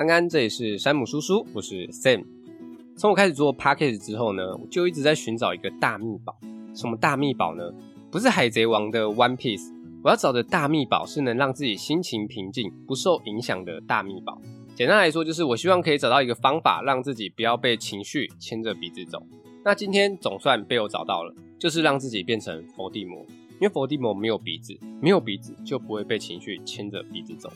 安安，這裡是山姆叔叔，我是 Sam。從我開始做 Podcast 之後呢，我就一直在尋找一個大秘寶。什麼大祕寶呢？不是海賊王的 One Piece。我要找的大祕寶是能讓自己心情平靜、不受影響的大祕寶。簡單來說，就是我希望可以找到一個方法，讓自己不要被情緒牽着鼻子走。那今天總算被我找到了，就是讓自己變成佛地魔。因為佛地魔沒有鼻子，沒有鼻子就不會被情緒牽着鼻子走。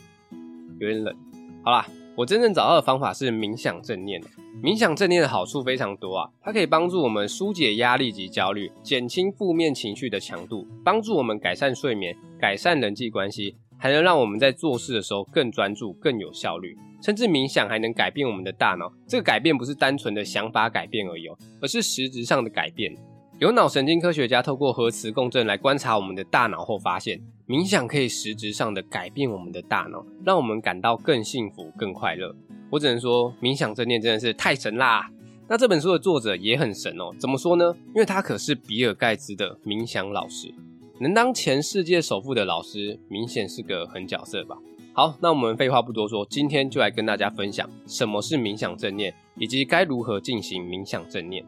有點冷，好啦。我真正找到的方法是冥想正念。冥想正念的好處非常多啊，它可以幫助我們紓解壓力及焦慮，減輕負面情緒的強度，幫助我們改善睡眠、改善人際關係，還能讓我們在做事的時候更專注、更有效率。甚至冥想還能改變我們的大腦，這個改變不是單純的想法改變而已哦，而是實質上的改變。有腦神經科學家透過核磁共振來觀察我們的大腦後，發現冥想可以實質上的改變我們的大腦，讓我們感到更幸福、更快樂。我只能說，冥想正念真的是太神啦啊！那這本書的作者也很神哦，怎麼說呢？因為他可是比爾蓋茨的冥想老師，能當前世界首富的老師，明顯是個狠角色吧？好，那我們廢話不多說，今天就來跟大家分享什麼是冥想正念，以及該如何進行冥想正念。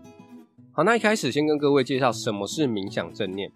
好，那一開始先跟各位介紹什麼是冥想正念。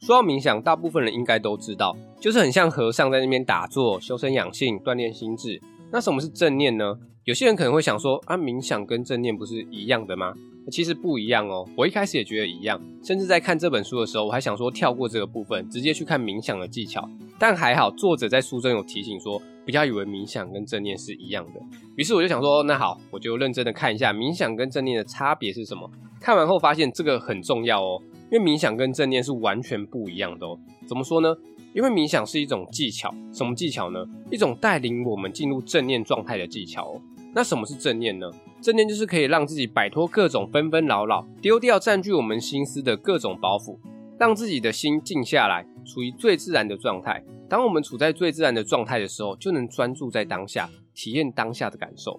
說到冥想，大部分人應該都知道，就是很像和尚在那邊打坐、修身養性、鍛鍊心智。那什麼是正念呢？有些人可能會想說，啊，冥想跟正念不是一樣的嗎？其實不一樣哦，我一開始也覺得一樣，甚至在看這本書的時候，我還想說跳過這個部分，直接去看冥想的技巧。但還好，作者在書中有提醒說，不要以為冥想跟正念是一樣的。於是我就想說，那好，我就認真的看一下冥想跟正念的差別是什麼。看完後發現這個很重要哦，因為冥想跟正念是完全不一樣的哦。怎麼說呢？因為冥想是一種技巧，什麼技巧呢？一種帶領我們進入正念狀態的技巧哦。那什麼是正念呢？正念就是可以讓自己擺脫各種紛紛擾擾，丟掉佔據我們心思的各種包袱，讓自己的心靜下來，處於最自然的狀態。當我們處在最自然的狀態的時候，就能專注在當下，體驗當下的感受。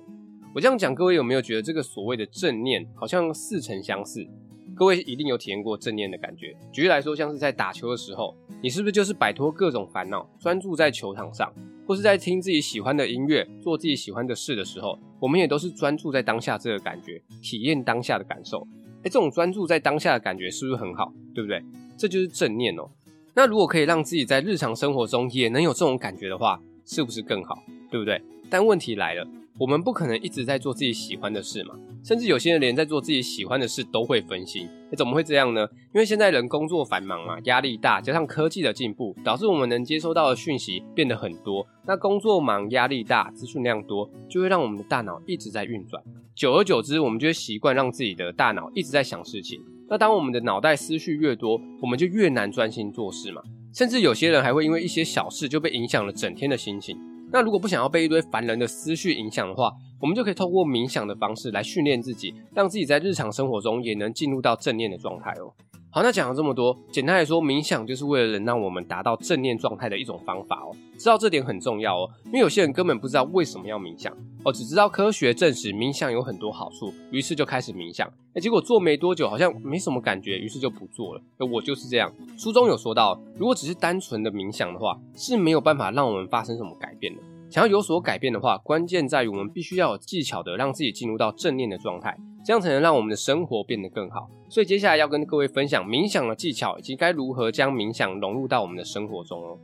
我這樣講，各位有沒有覺得這個所謂的正念好像似曾相識？各位一定有體驗過正念的感覺。舉例來說，像是在打球的時候，你是不是就是擺脫各種煩惱，專注在球場上？或是在聽自己喜歡的音樂、做自己喜歡的事的時候，我們也都是專注在當下這個感覺，體驗當下的感受。誒，這種專注在當下的感覺是不是很好？對不對？這就是正念哦。那如果可以讓自己在日常生活中也能有這種感覺的話，是不是更好？對不對？但問題來了。我們不可能一直在做自己喜歡的事嘛，甚至有些人連在做自己喜歡的事都會分心，那怎麼會這樣呢？因為現在人工作繁忙嘛、啊，壓力大，加上科技的進步，導致我們能接收到的訊息變得很多。那工作忙、壓力大、資訊量多，就會讓我們的大腦一直在運轉。久而久之，我們就會習慣讓自己的大腦一直在想事情。那當我們的腦袋思緒越多，我們就越難專心做事嘛。甚至有些人還會因為一些小事就被影響了整天的心情。那如果不想要被一堆煩人的思緒影響的話，我們就可以透過冥想的方式來訓練自己，讓自己在日常生活中也能進入到正念的狀態哦。好，那講了這麼多，簡單來說，冥想就是為了能讓我們達到正念狀態的一種方法哦。知道這點很重要哦，因為有些人根本不知道為什麼要冥想哦，只知道科學證實冥想有很多好處，於是就開始冥想。哎，結果做沒多久，好像沒什麼感覺，於是就不做了。我就是這樣。書中有說到，如果只是單純的冥想的話，是沒有辦法讓我們發生什麼改變的。想要有所改變的話，關鍵在於我們必須要有技巧的讓自己進入到正念的狀態。這樣才能讓我們的生活變得更好。所以接下來要跟各位分享冥想的技巧，以及該如何將冥想融入到我們的生活中哦。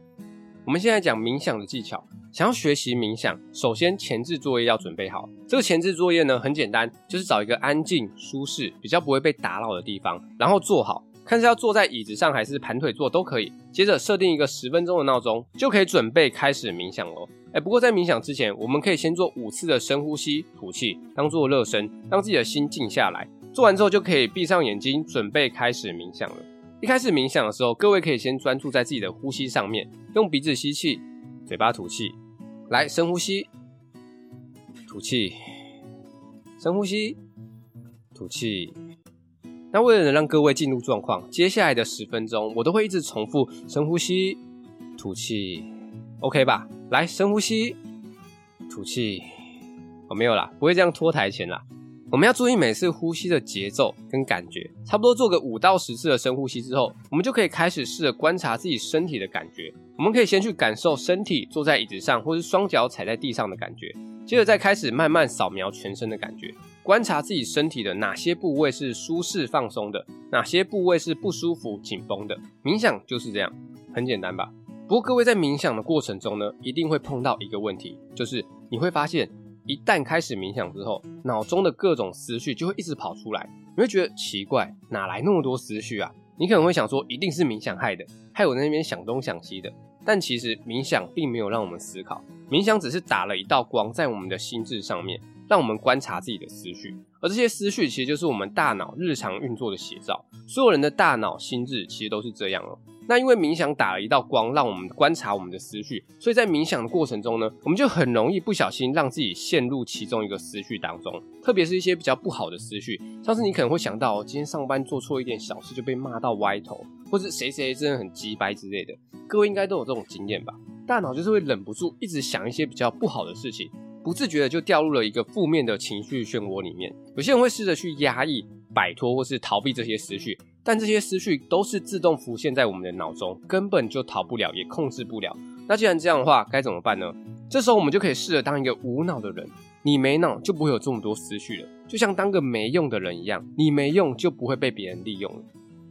我們現在講冥想的技巧，想要學習冥想，首先前置作業要準備好。這個前置作業呢，很簡單，就是找一個安靜、舒適、比較不會被打擾的地方，然後坐好。看是要坐在椅子上還是盤腿坐都可以，接着設定一個十分鐘的鬧鐘，就可以準備開始冥想嘍。誒，不過在冥想之前，我們可以先做五次的深呼吸，吐氣，當做熱身，讓自己的心靜下來。做完之後就可以閉上眼睛，準備開始冥想了。一開始冥想的時候，各位可以先專注在自己的呼吸上面，用鼻子吸氣，嘴巴吐氣，來，深呼吸，吐氣，深呼吸，吐氣。那為了能讓各位進入狀況，接下來的十分鐘我都會一直重複深呼吸、吐氣，OK 吧？來，深呼吸、吐氣。哦，沒有啦，不會這樣拖台前啦。我們要注意每次呼吸的節奏跟感覺，差不多做個五到十次的深呼吸之後，我們就可以開始試着觀察自己身體的感覺。我們可以先去感受身體坐在椅子上或是雙腳踩在地上的感覺，接着再開始慢慢掃描全身的感覺。觀察自己身體的哪些部位是舒適放鬆的，哪些部位是不舒服緊繃的。冥想就是這樣，很簡單吧？不過各位在冥想的過程中呢，一定會碰到一個問題，就是你會發現，一旦開始冥想之後，腦中的各種思緒就會一直跑出來，你會覺得奇怪，哪來那麼多思緒啊？你可能會想說，一定是冥想害的，害我在那邊想東想西的。但其實冥想並沒有讓我們思考，冥想只是打了一道光在我們的心智上面。讓我們觀察自己的思緒，而這些思緒其實就是我們大腦日常運作的寫照。所有人的大腦心智其實都是這樣哦。那因為冥想打了一道光，讓我們觀察我們的思緒，所以在冥想的過程中呢，我們就很容易不小心讓自己陷入其中一個思緒當中，特別是一些比較不好的思緒。像是你可能會想到，今天上班做錯一點小事就被罵到歪頭，或者誰誰真的很雞掰之類的，各位應該都有這種經驗吧？大腦就是會忍不住一直想一些比較不好的事情。不自覺的就掉入了一個負面的情緒漩渦裡面。有些人會試着去壓抑、擺脫或是逃避這些思緒，但這些思緒都是自動浮現在我們的腦中，根本就逃不了，也控制不了。那既然這樣的話，該怎麼辦呢？這時候我們就可以試着當一個無腦的人，你沒腦就不會有這麼多思緒了，就像當個沒用的人一樣，你沒用就不會被別人利用了。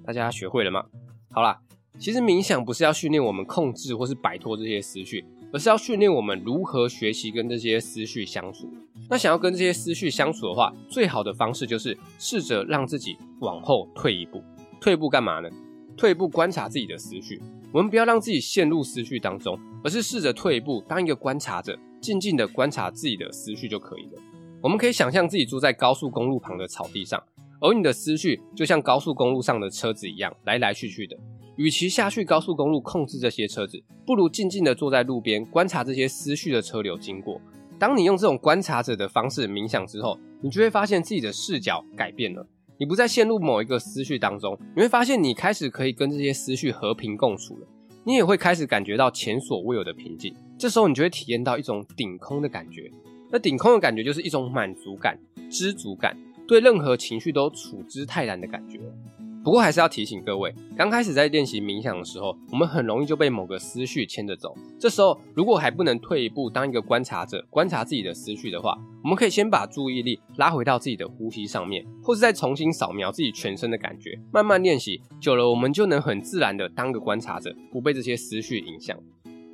大家學會了嗎？好啦，其實冥想不是要訓練我們控制或是擺脫這些思緒。而是要訓練我們如何學習跟這些思緒相處。那想要跟這些思緒相處的話，最好的方式就是試着讓自己往後退一步。退一步幹嘛呢？退一步觀察自己的思緒。我們不要讓自己陷入思緒當中，而是試着退一步，當一個觀察者，靜靜的觀察自己的思緒就可以了。我們可以想象自己住在高速公路旁的草地上，而你的思緒就像高速公路上的車子一樣，來來去去的。與其下去高速公路控制這些車子，不如靜靜地坐在路邊觀察這些思緒的車流經過。當你用這種觀察者的方式冥想之後，你就會發現自己的視角改變了，你不再陷入某一個思緒當中，你會發現你開始可以跟這些思緒和平共處了，你也會開始感覺到前所未有的平靜。這時候，你就會體驗到一種頂空的感覺。那頂空的感覺就是一種滿足感、知足感，對任何情緒都處之泰然的感覺。不過還是要提醒各位，剛開始在練習冥想的時候，我們很容易就被某個思緒牽着走。這時候如果還不能退一步，當一個觀察者觀察自己的思緒的話，我們可以先把注意力拉回到自己的呼吸上面，或是再重新掃描自己全身的感覺。慢慢練習久了，我們就能很自然地當個觀察者，不被這些思緒影響。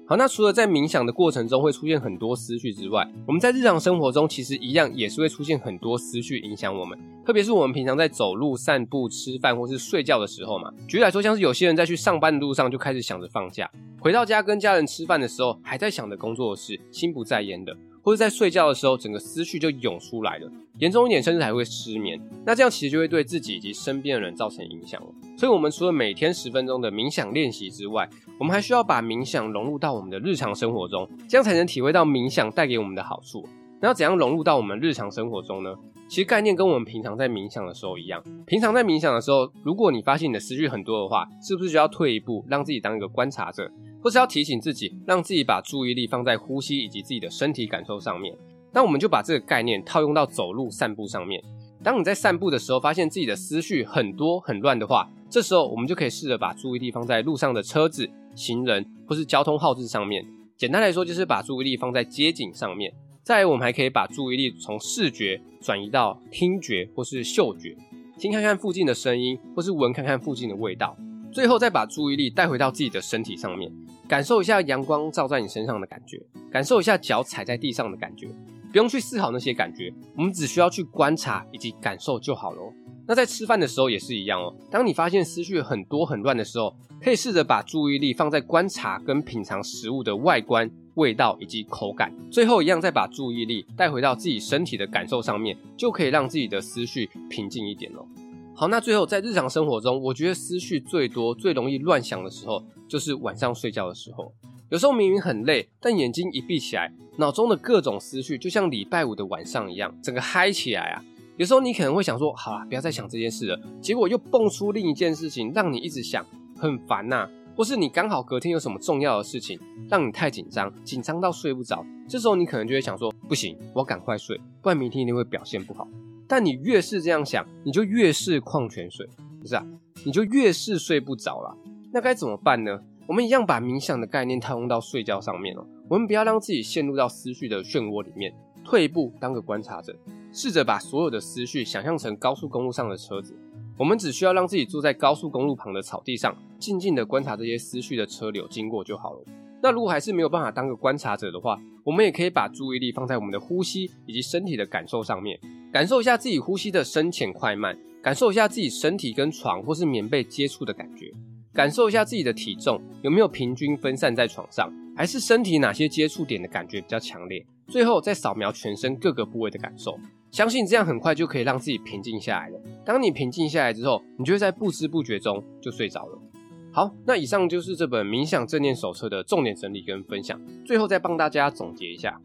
好，那除了在冥想的過程中會出現很多思緒之外，我們在日常生活中其實一樣也是會出現很多思緒影響我們。特別是我們平常在走路、散步、吃飯或是睡覺的時候嘛，舉例來說，像是有些人在去上班的路上就開始想着放假，回到家跟家人吃飯的時候還在想着工作的事，心不在焉的，或者在睡覺的時候整個思緒就湧出來了。嚴重一點，甚至還會失眠。那這樣其實就會對自己以及身邊的人造成影響了。所以，我們除了每天十分鐘的冥想練習之外，我們還需要把冥想融入到我們的日常生活中，這樣才能體會到冥想帶給我們的好處。那要怎樣融入到我們日常生活中呢？其實概念跟我們平常在冥想的時候一樣。平常在冥想的時候，如果你發現你的思緒很多的話，是不是就要退一步，讓自己當一個觀察者，或是要提醒自己，讓自己把注意力放在呼吸以及自己的身體感受上面？那我們就把這個概念套用到走路散步上面。當你在散步的時候，發現自己的思緒很多很亂的話，這時候我們就可以試着把注意力放在路上的車子、行人或是交通號誌上面。簡單來說，就是把注意力放在街景上面。再，我們還可以把注意力從視覺轉移到聽覺或是嗅覺，聽看看附近的聲音，或是聞看看附近的味道。最後再把注意力帶回到自己的身體上面，感受一下陽光照在你身上的感覺，感受一下腳踩在地上的感覺。不用去思考那些感覺，我們只需要去觀察以及感受就好咯。那在吃飯的時候也是一樣哦。當你發現思緒很多很亂的時候，可以試着把注意力放在觀察跟品嘗食物的外觀、味道以及口感，最後一樣再把注意力帶回到自己身體的感受上面，就可以讓自己的思緒平靜一點哦。好，那最後在日常生活中，我覺得思緒最多、最容易亂想的時候，就是晚上睡覺的時候。有時候明明很累，但眼睛一閉起來，腦中的各種思緒就像禮拜五的晚上一樣，整個嗨起來啊。有時候你可能會想說，好啊，不要再想這件事了，結果又蹦出另一件事情，讓你一直想，很煩吶啊。或是你剛好隔天有什麼重要的事情，讓你太緊張，緊張到睡不着。這時候你可能就會想說：不行，我要趕快睡，不然明天一定會表現不好。但你越是這樣想，你就越是礦泉水，不是啊？你就越是睡不着了。那該怎麼辦呢？我們一樣把冥想的概念套用到睡覺上面哦。我們不要讓自己陷入到思緒的漩渦裡面，退一步當個觀察者，試着把所有的思緒想象成高速公路上的車子。我們只需要讓自己坐在高速公路旁的草地上，靜靜地觀察這些思緒的車流經過就好了。那如果還是沒有辦法當個觀察者的話，我們也可以把注意力放在我們的呼吸以及身體的感受上面，感受一下自己呼吸的深淺快慢，感受一下自己身體跟床或是棉被接觸的感覺，感受一下自己的體重有沒有平均分散在床上，還是身體哪些接觸點的感覺比較強烈，最後再掃描全身各個部位的感受。相信這樣很快就可以讓自己平靜下來了。當你平靜下來之後，你就會在不知不覺中就睡着了。好，那以上就是這本冥想正念手冊的重點整理跟分享。最後再幫大家總結一下。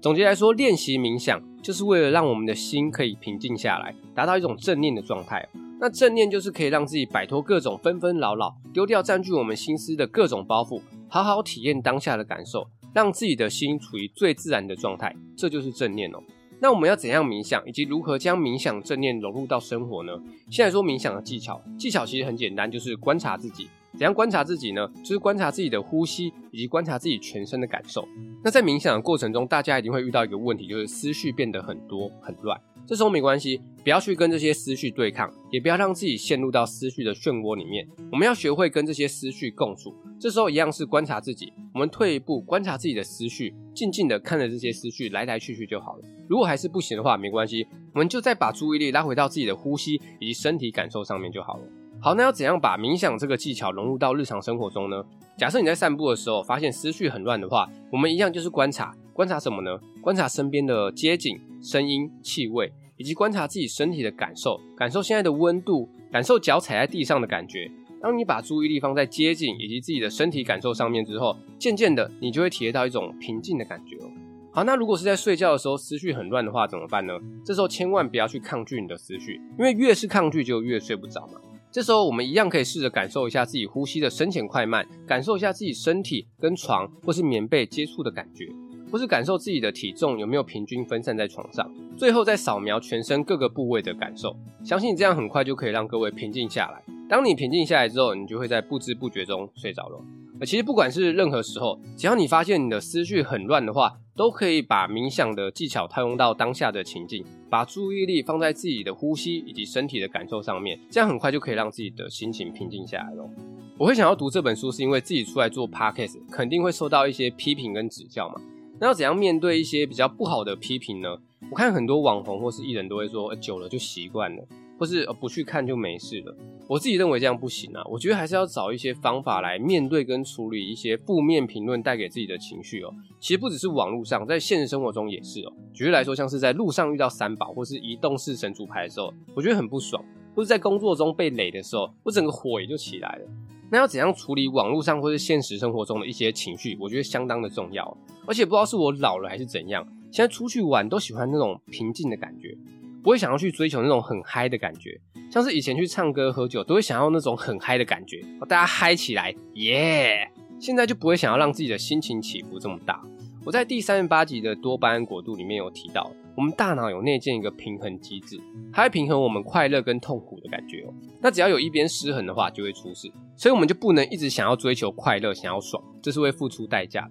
總結來說，練習冥想就是為了讓我們的心可以平靜下來，達到一種正念的狀態。那正念就是可以讓自己擺脫各種紛紛擾擾，丟掉佔據我們心思的各種包袱，好好體驗當下的感受，讓自己的心處於最自然的狀態。這就是正念哦。那我們要怎樣冥想，以及如何將冥想正念融入到生活呢？先來說冥想的技巧，技巧其實很簡單，就是觀察自己。怎樣觀察自己呢？就是觀察自己的呼吸，以及觀察自己全身的感受。那在冥想的過程中，大家一定會遇到一個問題，就是思緒變得很多很亂。這時候沒關係，不要去跟這些思緒對抗，也不要讓自己陷入到思緒的漩渦裡面。我們要學會跟這些思緒共處，這時候一樣是觀察自己。我們退一步，觀察自己的思緒，靜靜的看着這些思緒來來去去就好了。如果還是不行的話，沒關係，我們就再把注意力拉回到自己的呼吸以及身體感受上面就好了。好，那要怎樣把冥想這個技巧融入到日常生活中呢？假設你在散步的時候發現思緒很亂的話，我們一樣就是觀察，觀察什麼呢？觀察身邊的街景、聲音、氣味，以及觀察自己身體的感受，感受現在的溫度，感受腳踩在地上的感覺。當你把注意力放在街景以及自己的身體感受上面之後，漸漸的你就會體驗到一種平靜的感覺喔。好，那如果是在睡覺的時候思緒很亂的話，怎麼辦呢？這時候千萬不要去抗拒你的思緒，因為越是抗拒就越睡不着嘛。這時候，我們一樣可以試着感受一下自己呼吸的深淺快慢，感受一下自己身體跟床或是棉被接觸的感覺，或是感受自己的體重有沒有平均分散在床上。最後再掃描全身各個部位的感受，相信這樣很快就可以讓各位平靜下來。當你平靜下來之後，你就會在不知不覺中睡着了。而其實，不管是任何時候，只要你發現你的思緒很亂的話，都可以把冥想的技巧套用到當下的情境，把注意力放在自己的呼吸以及身體的感受上面，這樣很快就可以讓自己的心情平靜下來咯。我會想要讀這本書，是因為自己出來做 Podcast，肯定會受到一些批評跟指教嘛。那要怎樣面對一些比較不好的批評呢？我看很多網紅或是藝人都會說，欸，久了就習慣了。或是呃不去看就沒事了，我自己認為這樣不行啊，我覺得還是要找一些方法來面對跟處理一些負面評論帶給自己的情緒哦。其實不只是網絡上，在現實生活中也是哦、喔。舉例來說，像是在路上遇到三寶或是移動式神主牌的時候，我覺得很不爽；或者在工作中被雷的時候，我整個火也就起來了。那要怎樣處理網絡上或是現實生活中的一些情緒，我覺得相當的重要。而且不知道是我老了還是怎樣，現在出去玩都喜歡那種平靜的感覺。不會想要去追求那種很嗨的感覺，像是以前去唱歌喝酒都會想要那種很嗨的感覺，大家嗨起來耶！Yeah! 現在就不會想要讓自己的心情起伏這麼大。我在第三十八集的多巴胺國度裡面有提到，我們大腦有內建一個平衡機制，它會平衡我們快樂跟痛苦的感覺哦。那只要有一邊失衡的話，就會出事，所以我們就不能一直想要追求快樂，想要爽，這是會付出代價。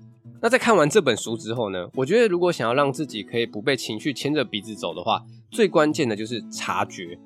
那在看完這本書之後呢，我覺得如果想要讓自己可以不被情緒牽着鼻子走的話，最關鍵的就是察覺。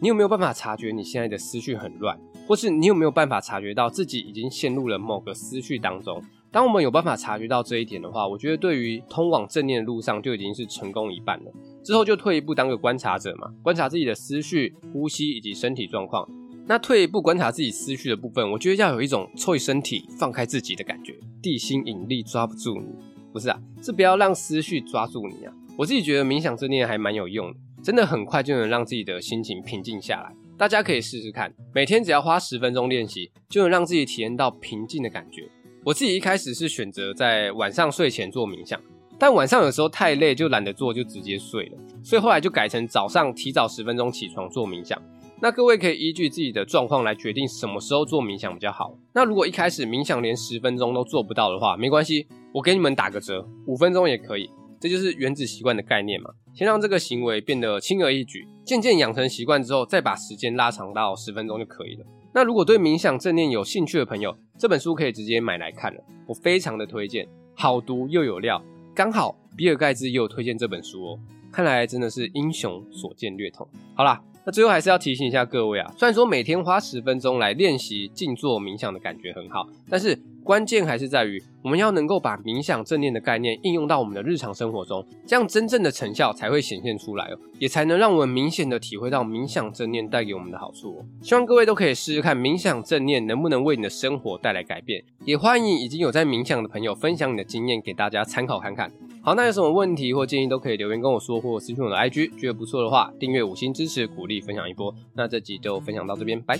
你有沒有辦法察覺你現在的思緒很亂？或是你有沒有辦法察覺到自己已經陷入了某個思緒當中？當我們有辦法察覺到這一點的話，我覺得對於通往正念的路上就已經是成功一半了。之後就退一步當個觀察者嘛，觀察自己的思緒、呼吸以及身體狀況。那退一步觀察自己思緒的部分，我覺得要有一種抽離身體，放開自己的感覺。地心引力抓不住你，不是啊，是不要讓思緒抓住你啊。我自己覺得冥想正念還蠻有用的，真的很快就能讓自己的心情平靜下來。大家可以試試看，每天只要花十分鐘練習，就能讓自己體驗到平靜的感覺。我自己一開始是選擇在晚上睡前做冥想，但晚上有時候太累就懶得做，就直接睡了。所以後來就改成早上提早十分鐘起床做冥想。那各位可以依據自己的狀況來決定什麼時候做冥想比較好。那如果一開始冥想連十分鐘都做不到的話，沒關係，我給你們打個折，五分鐘也可以。這就是原子習慣的概念嘛，先讓這個行為變得輕而易舉，漸漸養成習慣之後，再把時間拉長到十分鐘就可以了。那如果對冥想正念有興趣的朋友，這本書可以直接買來看了，我非常的推薦，好讀又有料，剛好比爾蓋茨也有推薦這本書哦，看來真的是英雄所見略同。好啦。那最後還是要提醒一下各位啊，雖然說每天花十分鐘來練習靜坐冥想的感覺很好，但是關鍵還是在於。我們要能夠把冥想正念的概念應用到我們的日常生活中，這樣真正的成效才會顯現出來哦，也才能讓我們明顯的體會到冥想正念帶給我們的好處哦。希望各位都可以試試看冥想正念能不能為你的生活帶來改變，也歡迎已經有在冥想的朋友分享你的經驗給大家參考看看。好，那有什麼問題或建議都可以留言跟我說，或私訊我的 IG。覺得不錯的話，訂閱五星支持，鼓勵分享一波。那這集就分享到這邊，拜。